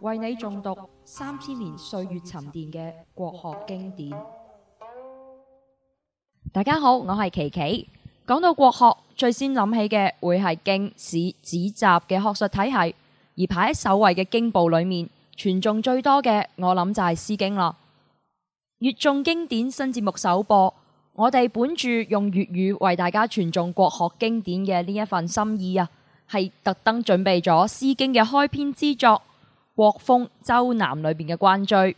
為你誦讀三千年歲月沉澱嘅國學經典。大家好，我係琪琪。講到國學，最先諗起嘅會係經史子集嘅學術體系，而排喺首位嘅經部裏面，傳誦最多嘅，我諗就係《詩經》啦。粵誦經典新節目首播，我哋本住用粵語為大家傳誦國學經典嘅呢一份心意啊，係特登準備咗《詩經》嘅開篇之作。《國風·周南裏面》裏邊嘅《關雎》，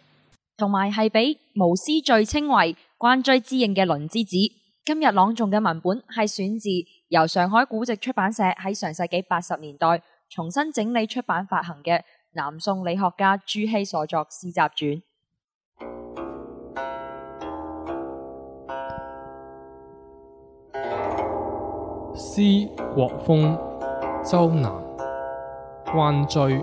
同埋係俾《毛詩序》稱為《關雎》之應嘅《麟之趾》。今日朗誦嘅文本係選自由上海古籍出版社喺上世紀八十年代重新整理出版發行嘅南宋理學家朱熹所作詩集傳。《詩·國風·周南·關雎》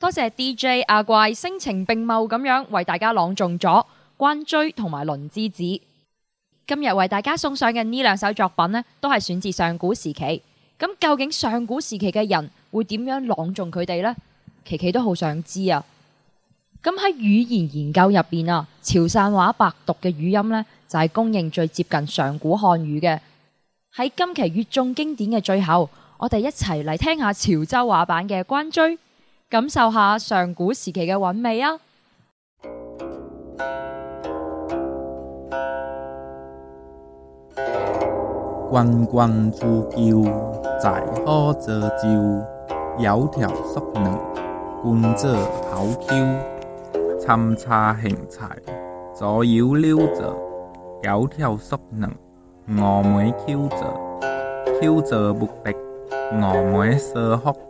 多謝 DJ 阿怪聲情並茂咁樣為大家朗誦咗《關雎》同埋《麟之趾》。今日為大家送上嘅呢兩首作品呢都係選自上古時期。咁究竟上古時期嘅人會點樣朗誦佢哋呢？琪琪都好想知啊！咁喺語言研究入邊啊，潮汕話白讀嘅語音呢，就係公認最接近上古漢語嘅。喺今期粵誦經典嘅最後，我哋一齊嚟聽，聽下潮州話版嘅《關雎》。感受下上古時期嘅韻味啊！關關雎鳩，在河之洲。窈窕淑女，君子好逑。參差荇菜，左右流之。窈窕淑女，寤寐求之。求之不得，寤寐思服。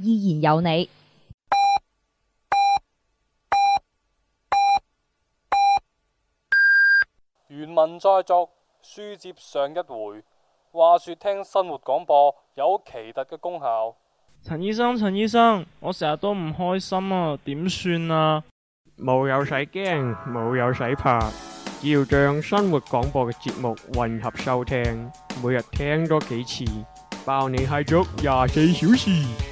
依然有你。原文再續，書接上一回。話說聽新活廣播有奇特嘅功效。陳醫生，陳醫生，我成日都唔開心啊，點算啊？冇有使驚，冇有使怕，只要將新活廣播嘅節目混合收聽，每日聽多幾次，包你嗨足廿四小時。